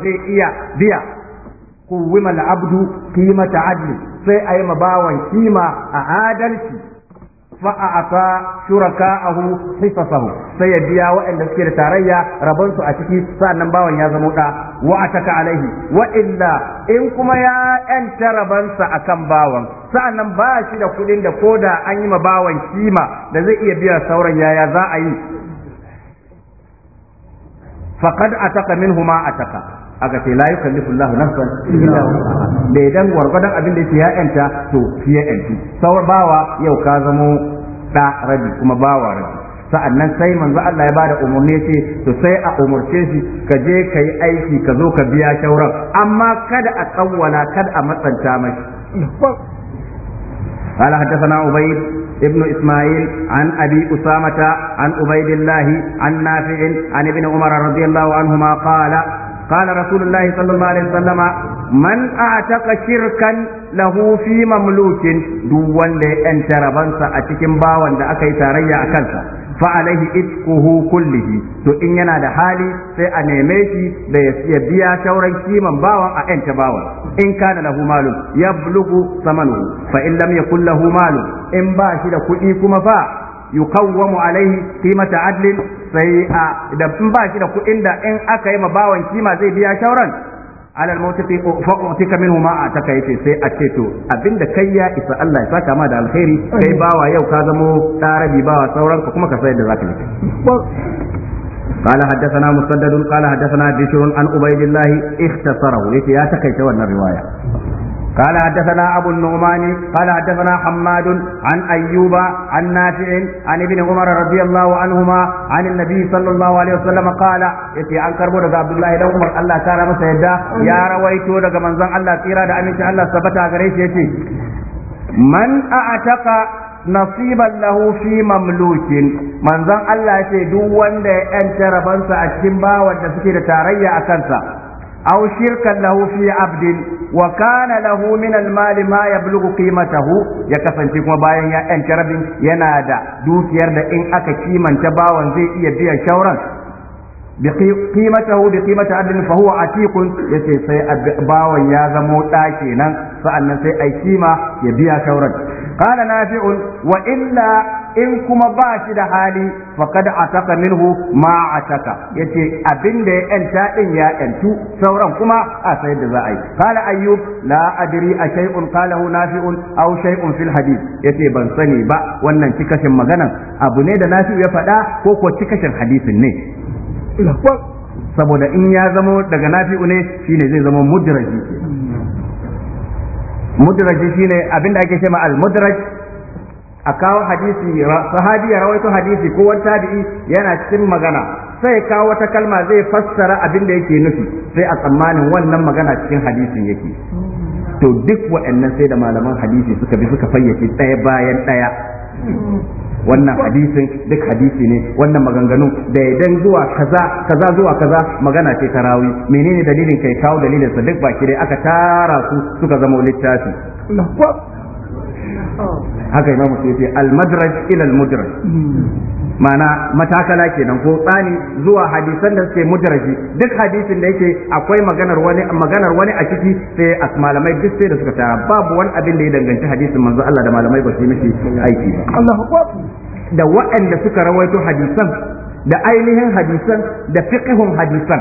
zai iya biya kuwima Abdu qimata adli sai a yi mabawan kima a adalci fa a ata hisasahu sai ya biya waɗanda suke da tarayya rabon a ciki sa'annan bawan ya zama da wa ataka alaihi wa illa in kuma ya yanta rabansa akan bawan sa'annan ba shi da kuɗin da koda an yi mabawan kima da zai iya biya sauran yaya za a yi faqad ataka minhu ma ataka a ga la yukallifu kan nafsan illa wus'aha da dan gwargwadon abin da yake ya yanta to fiye ya yanci sau bawa yau ka zamo da rabi kuma bawa rabi sa'annan sai manzo Allah ya bada umarni ce to sai a umarce shi ka je ka yi aiki ka zo ka biya shauran amma kada a tsawwala kada a matsanta mashi قال حدثنا عبيد ابن إسماعيل عن أبي أسامة عن عبيد الله عن نافع عن ابن عمر رضي الله عنهما قال قال رسول الله صلى الله عليه وسلم من اعتق شركا له في wanda ya yanta rabansa a cikin bawan da aka yi tarayya a kansa fa alaihi itquhu kullihi to in yana da hali sai a neme shi da ya biya sauran kiman bawan a yanta bawan in kana lahu malun yablugu samanuhu fa in lam yakul lahu malun in bashi da kuɗi kuma fa yuqawwamu alaihi qimata adlin sai a da in ba shi da kuɗin da in aka yi ma bawan kima zai biya shauran alal mawtiqi fa utika minhu ma ataka yace sai a ce to abinda kai ya isa Allah ya saka ma da alkhairi kai bawa yau ka zamo ɗarabi bawa sauran ka kuma ka sayar da zaka yi قال حدثنا مسدد قال حدثنا بشر عن عبيد الله اختصره يتي يا تكيت الروايه قال حدثنا أبو النعمان قال حدثنا حماد عن أيوب عن نافع عن ابن عمر رضي الله عنهما عن النبي صلى الله عليه وسلم قال يتي عن كربو دغ عبد الله بن عمر الله تعالى مسا يدا يا رويتو دغ منزن الله تيرا دا أمين الله ثبتا غريش يتي من أعتق nasiban lahu fi mamlukin manzon Allah ya ce duk wanda ya yanta rabansa a cikin bawan da suke da tarayya a kansa أو شركا له في عبد وكان له من المال ما يبلغ قيمته ya kasance kuma bayan ya yanci yana da dukiyar da in aka kimanta bawan zai iya biyan shauran qimatahu bi qimati abdin fa huwa atiqun yace sai bawan ya zamo da kenan sa'annan sai ai kima ya biya shauran qala nafi'un wa illa in kuma bashi da hali faqad ataka minhu ma ataka yace abin da ya yanta din ya yantu sauran kuma a sai da za'a a yi qala ayyub la adri a shay'un qalahu au aw shay'un fil hadith yace ban sani ba wannan cikashin maganan abu ne da nafi'u ya faɗa ko ko cikashin hadisin ne saboda in ya zamo daga nafi'u ne shine zai zama mudraji mudraji shine abinda ake cewa al-mudraj a kawo hadisi sahabi ya rawaito hadisi ko wani tabi'i yana cikin magana sai kawo wata kalma zai fassara abinda yake nufi sai a tsammanin wannan magana cikin hadisin yake to duk waɗannan sai da malaman hadisi suka bi suka fayyace ɗaya bayan ɗaya wannan hadisin duk hadisi ne wannan maganganu da idan zuwa kaza kaza zuwa kaza magana ce ta rawi menene dalilin kai kawo dalilin sa duk baki dai aka tara su suka zama littafi haka imamu sai al-madraj ila al-mudraj ma'ana matakala kenan ko tsani zuwa hadisan da suke mudraji duk hadisin da yake akwai maganar wani maganar wani a ciki sai as duk sai da suka tara babu wani abin da ya danganci hadisin manzo Allah da malamai ba su mishi aiki ba Allahu da waɗanda suka rawaito hadisan da ainihin hadisan da fiqhun hadisan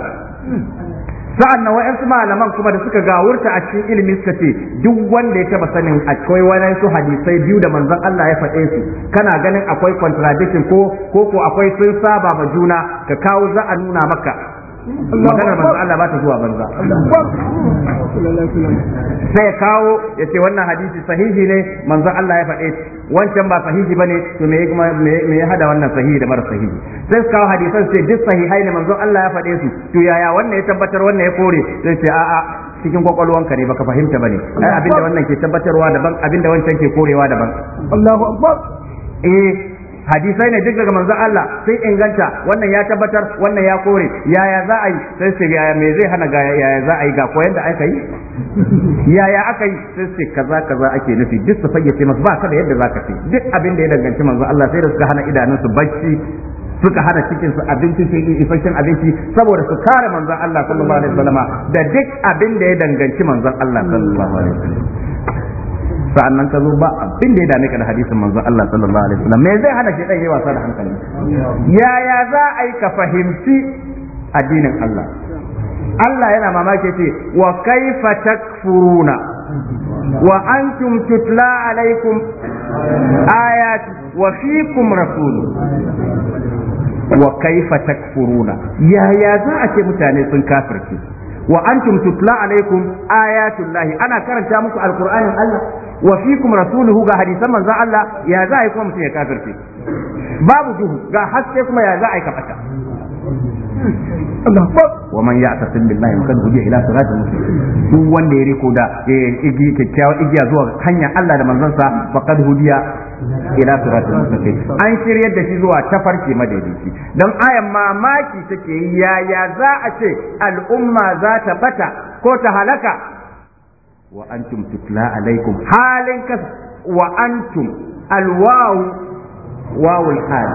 sa'an nan wa'yansu malaman kuma da suka gawurta a cikin ilimin suka ce duk wanda ya taba sanin akwai wani su hadisai biyu da manzon Allah ya faɗe su kana ganin akwai contradiction ko ko akwai sun saba ma juna ka kawo za a nuna maka maganar manzo Allah ba ta zuwa banza sai kawo ya ce wannan hadisi sahihi ne manzo Allah ya faɗe wancan ba sahihi bane to me me ya hada wannan sahihi da mara sahihi sai kawo hadisan sai duk sahihai ne manzo Allah ya faɗe su to yaya wannan ya tabbatar wannan ya kore sai ce a'a cikin ka ne baka fahimta bane ai abinda wannan ke tabbatarwa daban abinda wancan ke korewa daban Allahu akbar eh hadisai ne duk daga manzon Allah sun inganta wannan ya tabbatar wannan ya kore yaya za a yi sai su yaya me zai hana yaya za a yi ga koyan da aka yi yaya aka yi sai su kaza kaza ake nufi duk su fayyace masu ba ka da yadda zaka ce duk abin da ya danganci manzon Allah sai da suka hana idanunsu bacci suka hana cikin su abinci ifashin abinci saboda su kare manzon Allah sallallahu alaihi wasallam da duk abin da ya danganci manzon Allah sallallahu alaihi wasallam sa'annan ka zo ba abin da ya dame ka da hadisin manzon Allah sallallahu alaihi wasallam me zai hana shi dan yayi wasa da hankali yaya za a yi ka fahimci addinin Allah Allah yana mamaki ce wa kaifa takfuruna wa antum tutla alaikum ayat wa fikum rasul wa kaifa takfuruna yaya za a ce mutane sun kafirci wa antum tutla alaikum ayatullahi ana karanta muku alqur'anin Allah wa fikum rasuluhu ga hadisan manzon Allah ya za a yi kuma mutum ya kafirce babu duhu ga haske kuma ya za a yi kafata Allah akbar wa man ya'tasim billahi wa kadhu ila sirati mustaqim wanda ya riko da eh, igi kyakkyawa igiya zuwa hanya Allah da manzon sa faqad hudiya ila siratul mustaqim an shiryar da shi zuwa tafarki madaidaici dan ayan mamaki take yaya za a ce al'umma za ta bata ko ta halaka wa antum tutla alaikum halin kas wa antum alwawu wawul hal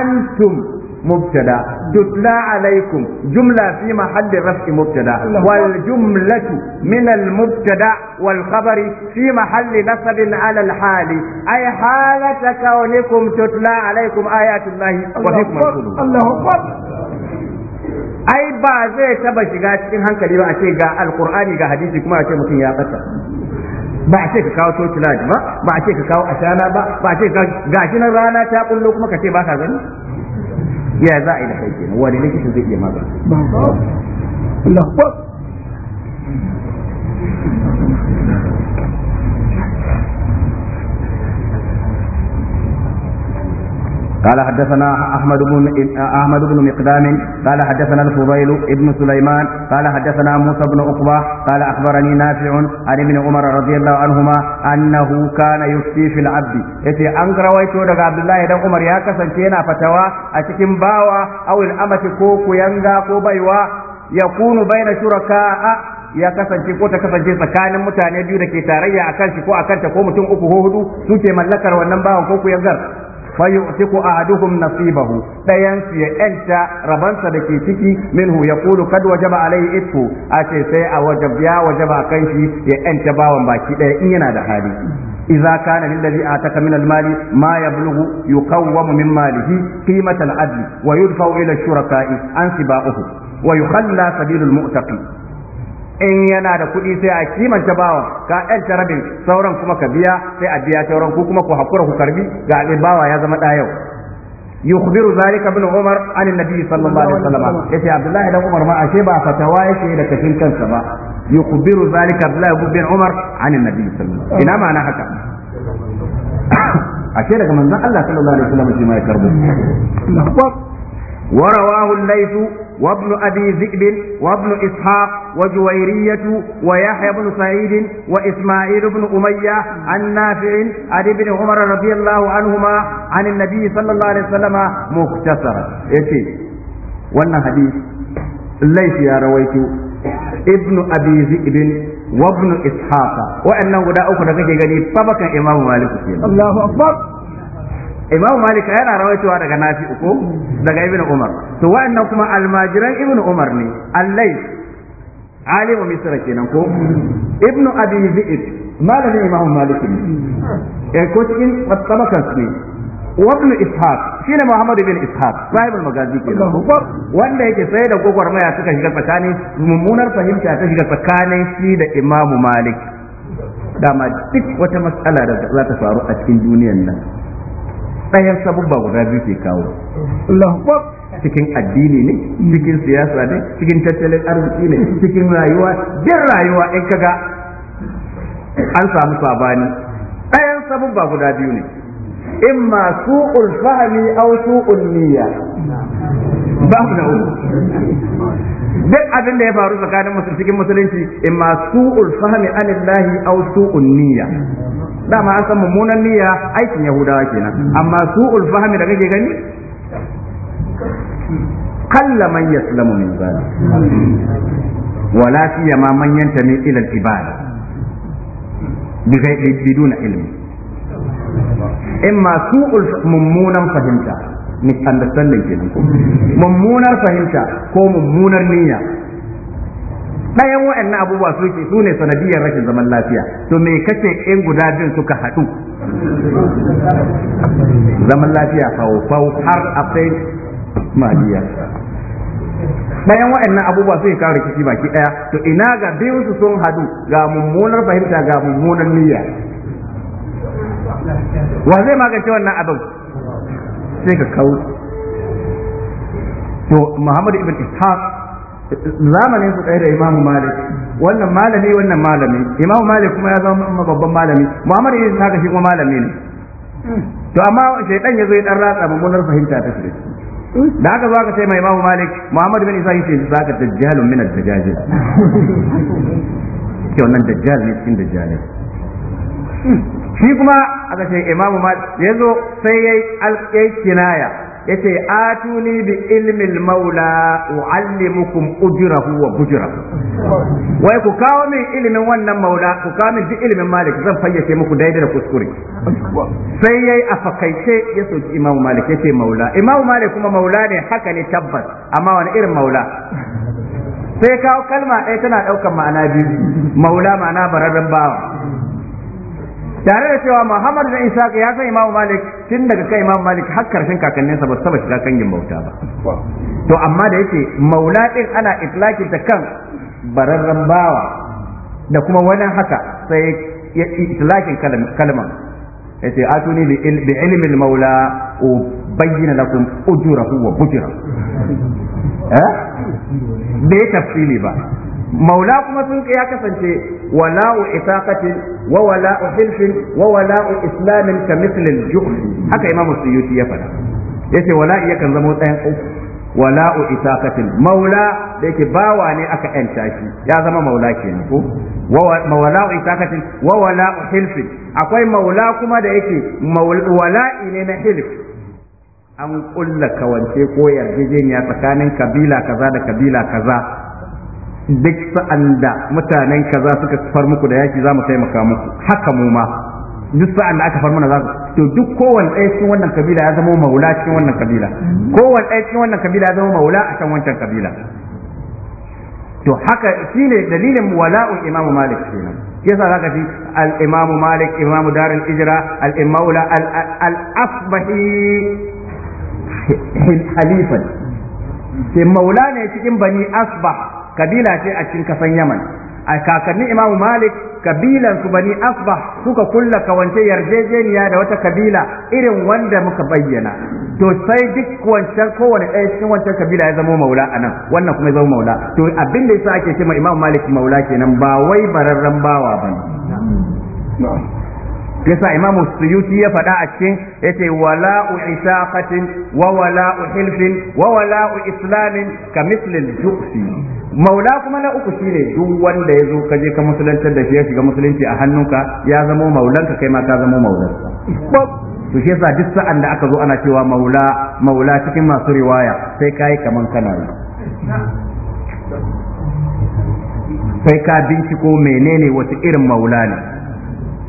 antum مبتدا تتلى عليكم جملة في محل رفع مبتدا والجملة من المبتدا والخبر في محل نصب على الحال أي حالة كونكم تتلى عليكم آيات الله وحكمة الله أكبر ai ba zai taba shiga cikin hankali ba a ce ga alkur'ani ga hadisi kuma a ce mutum ya fata ba a ce ka kawo totilat ba ba a ce ka kawo ashana ba ba a ce ga nan rana ta kullo kuma ka ce ba ka gani ya za a yi da kai kenan wani likita zai iya magana قال حدثنا احمد بن احمد بن مقدام قال حدثنا الفضيل ابن سليمان قال حدثنا موسى بن عقبه قال اخبرني نافع عن ابن عمر رضي الله عنهما انه كان يفتي في العبد يتي ان رويته daga Abdullahi idan Umar ya kasance yana fatawa a cikin bawa awil amati ko kuyanga ko baiwa yakunu baina shuraka ya kasance ko ta kasance tsakanin mutane biyu da ke tarayya a kan shi ko a kanta ko mutum uku ko hudu su ke mallakar wannan bawan ko kuyangar fayu'tiku ahaduhum nasibahu dayan su ya yanta rabonsa da ke ciki minhu yaqulu kad wajaba alaihi ittu a ce sai a wajab ya a kan shi ya yanta bawan baki ɗaya. in yana da hali إذا كان للذي آتك من المال ما يبلغ يقوم من ماله قيمة العدل ويدفع إلى الشركاء أنسباؤه ويخلى سبيل المؤتقي in yana da kuɗi sai a kimanta bawa ka ɗan rabin sauran kuma ka biya sai a biya sauran ku kuma ku hakura ku karbi ga abin bawa ya zama ɗaya yau yukhbiru zalika ibn umar an annabi sallallahu alaihi wasallam yace abdullahi dan umar ma ashe ba fatawa yake da kafin kansa ba yukhbiru zalika abdullahi ibn umar an annabi sallallahu alaihi wasallam ina ma'ana haka ashe daga manzon Allah sallallahu alaihi wasallam shi ma ya karbo ورواه laythu وابن أبي ذئب وابن إسحاق وجويرية ويحيى بن سعيد وإسماعيل بن أمية عن نافع عن ابن عمر رضي الله عنهما عن النبي صلى الله عليه وسلم مختصرا يتي وانا حديث ليس يا رويت ابن أبي ذئب وابن إسحاق وأنه لا أخرى كي غني طبقا إمام مالك الله أكبر imamu malik yana rawaitowa daga nafi uku daga ibn umar to wa'annan kuma almajiran ibn umar ne allai alimu misra kenan ko ibn abi zi'id malamin imamu malik ne E, ko cikin tabakan ne Ishaq. وابن إسحاق شين محمد بن إسحاق صاحب المغازي كده wanda yake sai da gwagwarmaya suka shiga tsakani mummunar fahimta ta shiga tsakanin shi da Imam Malik dama duk wata matsala da za ta faru a cikin duniyar nan ɗayan sabubba guda biyu ke kawo cikin addini ne cikin siyasa ne cikin tattalin arziki ne cikin rayuwa jin rayuwa in kaga an samu sabani ɗayan sabubba guda biyu ne imma su'ul fahmi aw su'ul niyya ba ku da uku duk abin da ya faru tsakanin cikin musulunci in ma su'ul fahmi anillahi aw su'un niyya dama an san mummunan niyya aikin yahudawa kenan amma su'ul fahmi da kake gani kalla man yaslamu min zalim wala fi siyama man yanta yantami ila al-ibada bi ghayri biduna ilmi imma su'ul mummunan fahimta misunderstanding kenan ko mummunar fahimta ko mummunar niyya ɗayan wa'annan abubuwa su ke su ne sanadiyar rashin zaman lafiya to me kace in guda biyun suka haɗu zaman lafiya faufau har a sai maliya bayan wa'annan abubuwa su kawo rikici baki ɗaya to ina ga biyu su sun haɗu ga mummunar fahimta ga mummunar niyya wa zai magance wannan abin sai ka kawo to Muhammad ibn Ishaq zamanin su ɗaya da imamu Malik wannan malami wannan malami imamu Malik kuma ya zama babban malami Muhammad ibn Ishaq shi kuma malami ne to amma shaydan ya zo ya dan ratsa mummunar fahimta ta shi da aka zo aka ce mai imamu Malik Muhammad ibn Ishaq yace zaka dajjalun min ad dajjal ke wannan dajjal ne cikin dajjalai shi kuma aka ce imamu ma ya zo sai ya yi kinaya ya ce atuni bi ilmin maula u'allimukum ujrahu wa bujrahu wai ku kawo min ilimin wannan maula ku kawo min duk ilimin malik zan fayyace muku daidai da kuskure sai yayi a fakaice ya soki imamu malik ya ce maula imamu malik kuma maula ne haka ne tabbas amma wani irin maula sai kawo kalma ɗaya tana ɗaukar ma'ana biyu maula ma'ana bararren bawa tare da cewa Muhammad bin Isa ya san Imam Malik tun daga kai Imam Malik har karshen kakanninsa ba su taba shiga kangin bauta ba to amma da yake maula din ana itlaki ta kan bararran bawa da kuma wani haka sai ya itlakin kalman yace atuni bi ilmi al-maula bayyana lakum ujurahu wa bujra eh bai tafsili ba maula kuma sun ya kasance wala'u itaqatin wa wala'u hilfin wa wala'u islamin ka mislil juhl haka imamu suyuti ya faɗa yace wala'i yakan zama tsayan uku wala'u itaqatin maula da yake bawa ne aka yanta shi ya zama maula kenan ko wa wala'u itaqatin wa wala'u hilfin akwai maula kuma da yake wala'i ne na hilf an kulla kawance ko yarjejeniya tsakanin kabila kaza da kabila kaza duk sa'an da mutanen kaza suka far muku da yaki za mu taimaka muku haka mu ma duk sa'an da aka far mana za su to duk kowanne ɗaya cikin wannan kabila ya zama maula cikin wannan kabila kowanne ɗaya cikin wannan kabila ya zama maula a kan wancan kabila to haka shi ne dalilin wala'un imamu malik kenan yasa za ka fi al'imamu malik imamu darin ijira al-imamu al halifan sai maula ne cikin bani asbah kabila ce a cikin kasan Yaman a kakannin Imam Malik kabilan su bani asbah suka kulla kawance yarjejeniya da wata kabila irin wanda muka bayyana to sai duk wancan kowane ɗaya cikin wancan kabila ya zama maula anan wannan kuma ya zama maula to abin da yasa ake cewa Imam Malik maula kenan ba wai bararran bawa bane yasa imamu suyuti ya faɗa a cikin yace u isaqatin wa u hilfin wa u islamin ka mislil juqsi maula kuma na uku shine duk wanda yazo zo ka je ka musulantar da shi ya shiga musulunci a hannunka ya zamo maulanka kai ma ka zamo maulansa to shi yasa duk sa'an da aka zo ana cewa maula maula cikin masu riwaya sai kai kaman kana yi sai ka binciko menene wasu irin maula ne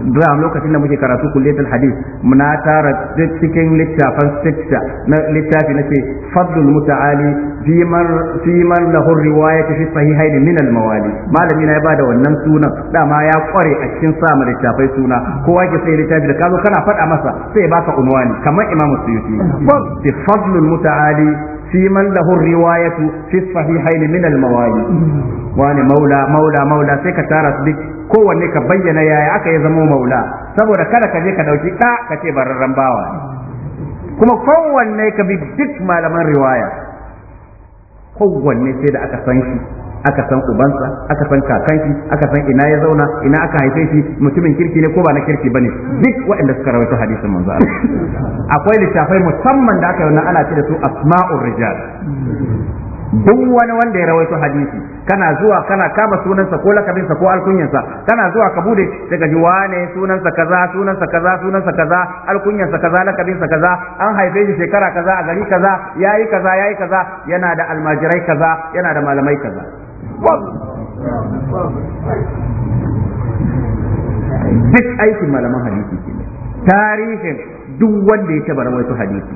da lokacin da muke karatu kulliyatul hadith muna tara cikin littafin sikta na littafi nace fadlul muta'ali fi man fi man lahu riwayatu fi sahihayn min al mawali malami na ya bada wannan sunan dama ya kware a cikin sa littafai suna kowa ke sai littafi da kazo kana faɗa masa sai baka unwani kamar imamu suyuti fadlul muta'ali في من له الرواية في الصحيحين من الموالي wani maula maula maula sai ka tara su kowanne ka bayyana yaya aka ya zama maula saboda kada ka je ka dauki ɗa ka ce bararren bawa kuma kowanne ka bi dik malaman riwaya kowanne sai da aka san shi aka san ubansa aka san kakanki aka san ina ya zauna ina aka haife shi mutumin kirki ne ko ba na kirki bane duk waɗanda suka rawaito hadisin manzo akwai littafai musamman da aka yi wannan ana ce da su asma'ur rijal duk wani wanda ya rawaito hadisi kana zuwa kana kama sunansa ko lakabinsa ko alkunyansa kana zuwa ka bude daga ji wane sunansa kaza sunansa kaza sunansa kaza alkunyansa kaza lakabinsa kaza an haife shi shekara kaza a gari kaza yayi kaza yayi kaza yana da almajirai kaza yana da malamai kaza duk aikin malaman hadisi ke tarihin duk wanda ya taba hadisi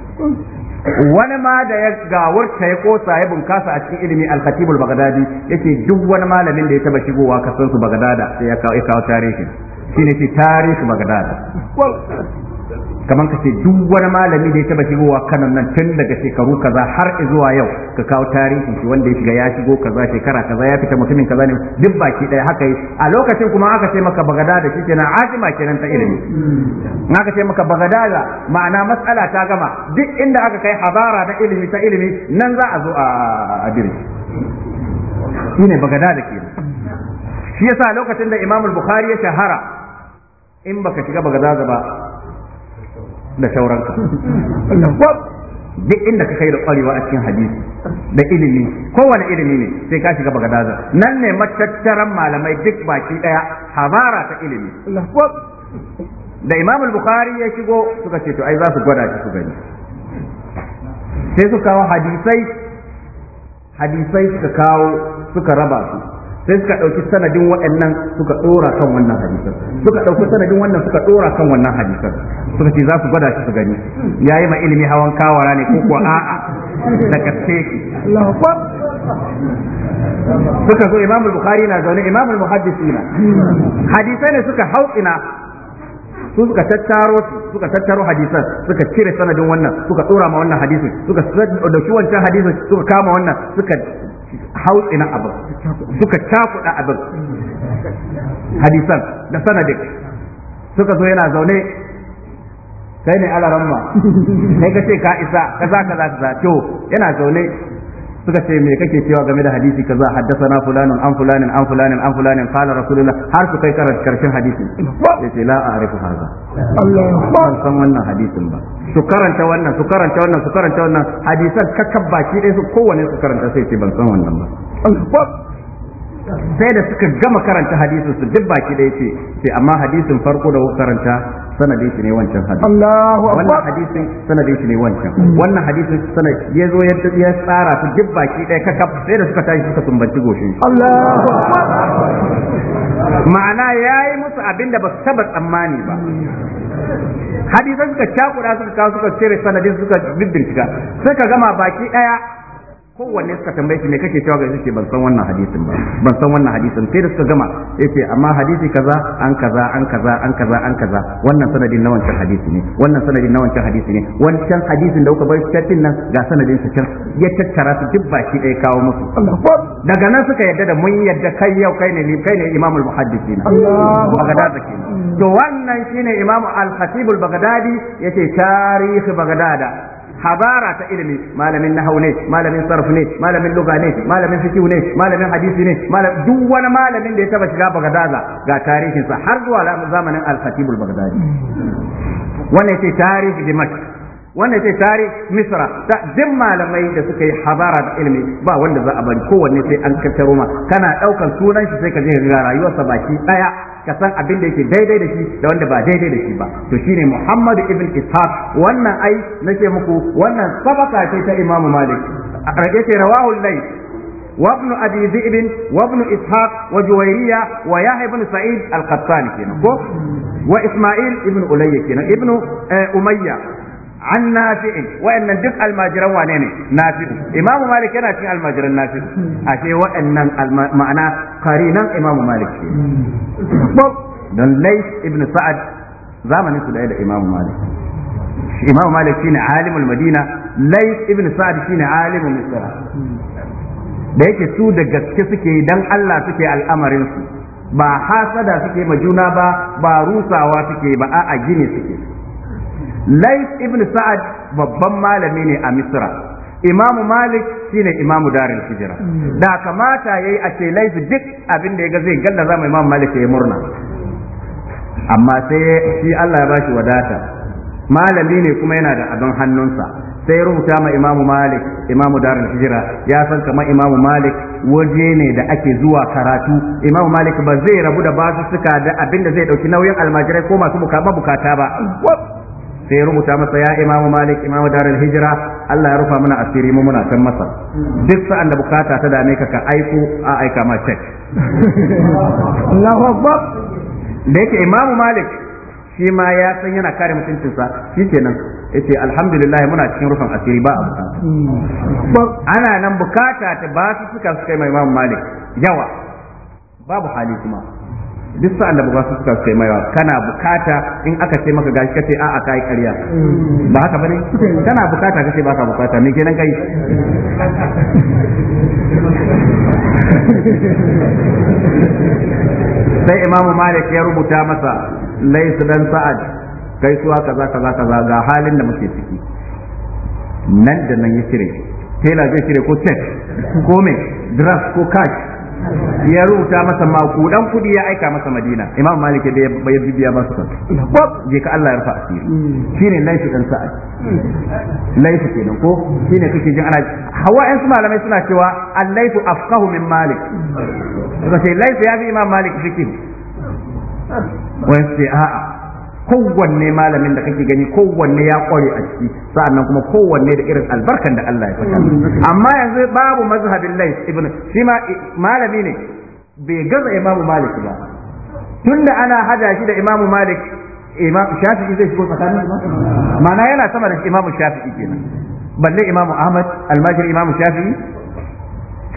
wani ma da ya gawarta ya kosa ya bunkasa a cikin ilimi al bagdadi yace duk wani malamin da ya taba shigowa kasansu bagdada sai ya kawo tarihin shine ce tarihi bagdada kamar ka ce duk wani malami da ya taba shigowa kanan nan tun daga shekaru kaza har zuwa yau ka kawo tarihin shi wanda ya shiga ya shigo kaza shekara kaza ya fita mutumin kaza ne duk baki daya haka yi a lokacin kuma aka ce maka bagada da shi kenan azima kenan ta ilimi aka ce maka bagada da ma'ana matsala ta gama duk inda aka kai hazara na ilimi ta ilimi nan za a zo a birni ne bagada da ke shi yasa lokacin da imamul Bukhari ya shahara in baka shiga bagada ba da sauranka duk inda ka kai da kwarewa a cikin hadisi da ilimi kowane ilimi ne sai ka shiga bagadaza nan ne matattaran malamai duk baki daya habara ta ilimi da imam bukhari ya shigo suka ce to ai za su gwada su gani sai su kawo hadisai hadisai suka kawo suka raba su sai suka ɗauki sanadin waɗannan suka ɗora kan wannan hadisan suka ɗauki sanadin wannan suka ɗora kan wannan hadisan suka ce za su gwada shi su gani yayi ma ilimi hawan kawara ne ko ko a'a da kaske suka zo imam bukhari na zaune imam na hadisai ne suka hautsina su suka tattaro suka tattaro hadisan suka cire sanadin wannan suka dora ma wannan hadisin suka dauki wancan hadisin suka kama wannan suka hautsina abin suka cakuɗa abin hadisan da sanadin suka zo yana zaune kai ne alaramma sai ka ce ka isa ka za ka za to yana zaune suka ce me kake cewa game da hadisi kaza haddathana fulanin an fulanin an fulanin an fulanin qala rasulullah har su kai karar karshen hadisin yace la a'rifu hadha ban san wannan hadisin ba su karanta wannan su karanta wannan su karanta wannan hadisan kakkab baki dai su kowanne su karanta sai ce ban san wannan ba sai da suka gama karanta hadisin su duk baki da yace sai amma hadisin farko da karanta sanadin shi ne wancan hadisi Allahu akbar wannan hadisin sanadin shi ne wancan wannan hadisin sanad ya zo ya ya tsara su duk baki ɗaya kaka sai da suka tashi suka tumbanci goshi Allahu akbar ma'ana yayi musu abin da ba su taba tsammani ba hadisan suka cakura suka kawo suka cire sanadin suka bibbirka suka gama baki ɗaya kowanne suka tambaye shi me kake cewa gaishe ce ban san wannan hadisin ba ban san wannan hadisin sai da suka gama yace amma hadisi kaza an kaza an kaza an kaza an kaza wannan sanadin na wancan hadisi ne wannan sanadin na wancan hadisi ne wancan hadisin da kuka bar tattin nan ga sanadin sa can ya tattara su duk baki ɗaya kawo musu daga nan suka yadda da mun yadda kai yau kai ne kai ne al muhaddisi na Allahu kenan to wannan shine imam al-khatib al-baghdadi yace tarihi bagdada habara ta ilimi malamin nahau ne malamin sarf ne malamin lugane ne malamin fiqh ne malamin hadisi ne duk wani malamin da ya taba shiga Baghdad ga tarihinsa har zuwa zamanin al-Khatib al-Baghdadi wannan ce tarihi Dimashq wannan ce tare misra duk malamai da suka yi habara da ilimi ba wanda za a bari kowanne sai an kattaro ma kana ɗaukar sunan shi sai ka je ga rayuwarsa baki ɗaya ka san abin da yake daidai da shi da wanda ba daidai da shi ba to shine Muhammad ibn Ishaq wannan ai nake muku wannan sabaka ce ta Imam Malik yake rawahu al-Layth وابن ابي ذئب وابن اسحاق وجويريه ويحيى بن سعيد القطان كنا واسماعيل ابن الي كنا ابن اميه an nafi'in wa'annan duk almajiran wane ne nafi'u imamu malik yana cikin almajiran nafi'u ashe wa'annan ma'ana karinan imamu malik don lais ibn sa'ad zamanin su da imamu malik imamu malik shine alimul madina lais ibn sa'ad shine alimul misra da yake su da gaske suke dan Allah suke al'amarin su ba hasada suke ma juna ba ba rusawa suke ba a'a gine suke Lais ibn Sa'ad babban malami ne a Misra Imam Malik shine Imam Darul Hijra hmm. da kamata yayi a ce Lais duk abin da yaga zai za mai Imam Malik ya murna amma sai shi Allah ya bashi wadata malami ne kuma yana da abin hannunsa sai rubuta ma imamu malik imamu darul hijira ya san kamar imamu malik waje ne da ake zuwa karatu imamu malik ba zai rabu da basu suka da abin da zai dauki nauyin almajirai ko masu mabukata ba hmm. sai rubuta masa ya imamu malik imamu darul hijira Allah ya rufa mana asiri mu muna can masa duk sa'an da bukata ta dame ka ka aiko a aika ma check Allahu akbar da yake imamu malik shi ma ya san yana kare mutuncinsa shikenan yace alhamdulillah muna cikin rufin asiri ba ana nan bukata ta ba su suka suka mai imamu malik yawa babu hali kuma duk sa'an da su suka kai maiwa kana bukata in aka ce maka gashi kace a a kai ƙarya mm. ba haka bane kana bukata kace ba ka bukata me kenan kai sai imamu malik ya rubuta masa laisu dan sa'ad gaisuwa kaza kaza kaza ga halin da muke ciki nan da nan ya cire tela zai cire ko check ko me draft ko cash ya rubuta masa makudan kudi ya aika masa madina imam malik da ya biya masa kan je ka Allah ya rufa asiri shine laifi dan sa'ad laifi kenan ko shine kake jin ana hawa yan malamai suna cewa allaitu afqahu min malik kace laifi ya fi imam malik fikin wai sai a'a kowanne malamin da kake gani kowanne ya kware a ciki sa'annan kuma kowanne da irin albarkan da Allah ya fata amma yanzu babu mazhabin lais ibn shi ma malami ne bai gaza imamu malik ba tunda ana hada shi da imamu malik imam shafi'i zai shigo tsakanin ma'ana yana sama da imamu shafi'i kenan balle imamu ahmad almajiri imamu shafi'i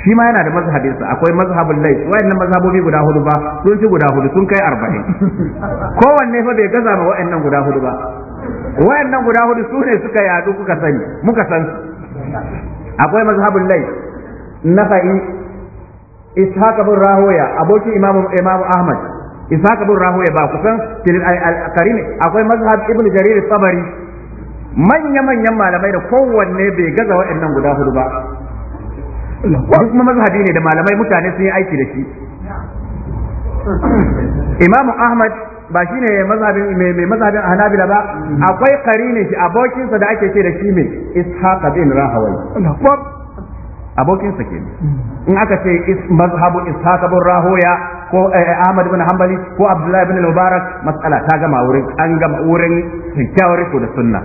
shi ma yana da mazhabin sa akwai mazhabul lay wayannan mazhabobi guda hudu ba sun fi guda hudu sun kai 40 kowanne fa bai gaza ma wayannan guda hudu ba wayannan guda hudu su ne suka yadu kuka sani muka san akwai mazhabul lay nafa'i ishaq ibn rahoya abokin imamu imamu ahmad ishaq ibn rahoya ba kusan tilil al-karim akwai mazhab Ibn jarir tabari manya-manyan malamai da kowanne bai gaza waɗannan guda hudu ba duk kuma mazhabi ne da malamai mutane sun yi aiki da shi Imam Ahmad ba shi ne mazhabin mai mazhabin Hanabila ba akwai karinin shi abokinsa da ake ce da shi mai Ishaq bin Rahawai abokinsa ke in aka ce mazhabu Ishaq bin Rahoya ko eh, Ahmad bin Hanbali ko Abdullahi bin Mubarak mas'ala ta gama wurin an gama wurin kyakkyawar da sunna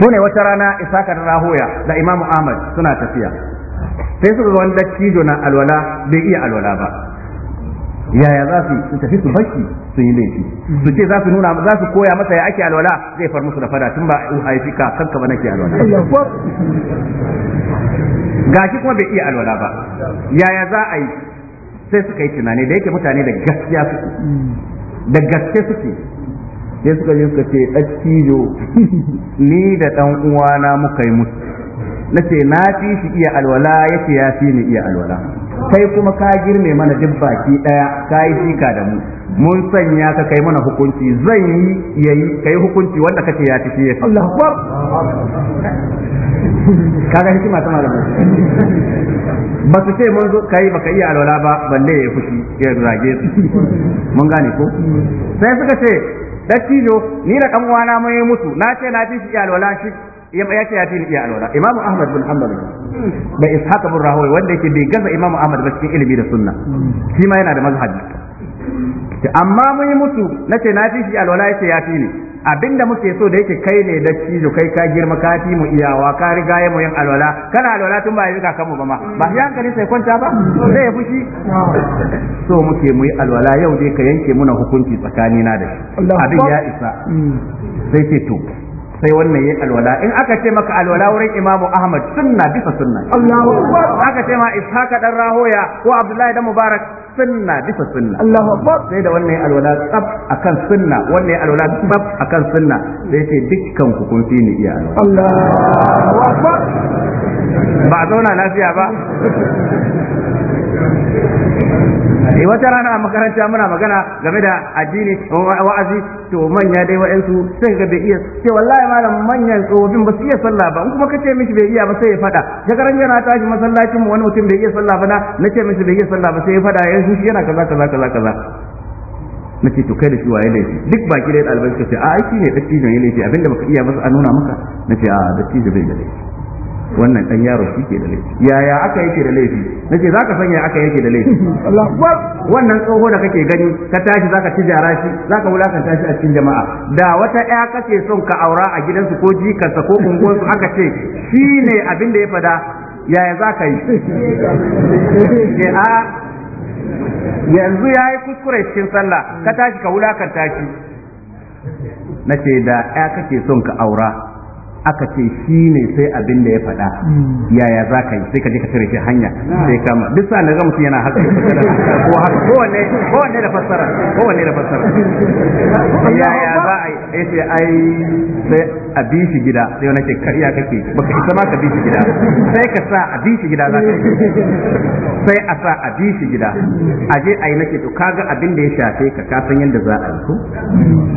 su ne wata rana isaka da rahoya da imamu ahmad suna tafiya sai suka ga wani dattijo na alwala bai iya alwala ba yaya za su su tafi su bashi sun yi laifi su ce za su nuna za su koya masa ya ake alwala zai far musu da fada tun ba in haifi ka kanka ba nake alwala gashi kuma bai iya alwala ba yaya za a yi sai suka yi tunani da yake mutane da gaskiya suke da gaske suke sai suka yi suka ce dattijo ni da dan uwana muka yi musu na ce na fi shi iya alwala ya ce ya fi ni iya alwala kai kuma ka girme mana duk baki ɗaya ka yi shika da mu mun sanya ka kai mana hukunci zan yi ya yi ka yi hukunci wanda ce ya tafi ya Allah akbar kaga hikima ta malama ba su ce mun zo ka yi baka iya alwala ba balle ya fushi ya zage su mun gane ko sai suka ce dattijo ni da dan uwana mai mutu na ce na fi shi alwala shi ya ce ya fi ni alwala imamu ahmad bin hanbal da ishaq bin rahowi wanda yake bai gaza imamu ahmad ba cikin ilimi da sunna shi ma yana da mazhabi amma mai musu mutu na ce na fi shi alwala ya ce ya fi ni Abin da muke so da yake kai ne dattijo kai ka girma ka fi mu iyawa ka riga ya mu yin alwala kana alwala tun ba yi ka kanmu ba ma ba ya hankali sai kwanta ba zai ya fushi so muke mu yi alwala yau dai ka yanke muna hukunci na da shi abin ya isa mm. sai ce to sai wannan yayi alwala in aka ce maka alwala wurin imamu ahmad sunna bisa sunna Allahu akbar aka ce ma ishaka dan rahoya ko abdullahi dan mubarak sunna bisa sunna Allahu akbar sai da wannan alwala tsaf akan sunna wannan alwala tsaf akan sunna sai ce dukkan ku kun fi ni iya alwala Allahu akbar ba zauna lafiya ba Eh, wata rana a makaranta muna magana game da addini wa'azi to manya dai wa'ansu sai ga bai iya ce wallahi malam manyan tsofin ba su iya sallah ba in kuma kace miki bai iya ba sai ya fada shekaran yana tashi masallacin mu wani mutum bai iya sallah ba na nace miki bai iya sallah ba sai ya fada ya shi yana kaza kaza kaza kaza nace to kai da shi waye laifi duk baki dai ɗalibai suka ce a ai ne dattijo ne laifi abinda baka iya ba a nuna maka nace a dattijo bai da laifi wannan dan yaro shi ke da laifi yaya aka yake da laifi za zaka sanya aka yake da laifi wannan tsoho da kake gani ka tashi zaka ci jara shi zaka wulakanta shi a cikin jama'a da wata ƴa kace son ka aura a gidansu ko jikarsa ko unguwarsu aka ce shine abin da ya fada yaya zaka yi a yanzu yayi kuskure cikin sallah ka tashi ka wulakanta shi nace da ƴa kake son ka aura aka ce shi ne sai abin da ya faɗa hmm. yaya za ka yi sai ka je ka cire shi hanya sai kama duk sa ga mutum yana haka ko haka kowanne kowanne da fassara kowanne da fassara yaya za a yi eh, sai ai sai a bi shi gida sai wani ce karya kake baka isa ma ka bi shi gida sai ka sa a bi shi gida za ka sai a sa a bi shi gida a je a yi nake to kaga abin da ya shafe ka ka san yadda za a yi ko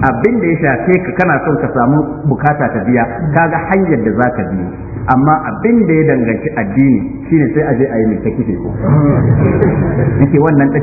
abin da ya shafe ka kana son ka samu bukata ta biya kaga hanyar da za ka bi amma abin da ya danganci addini shine sai a je a yi mai ta kife ko wannan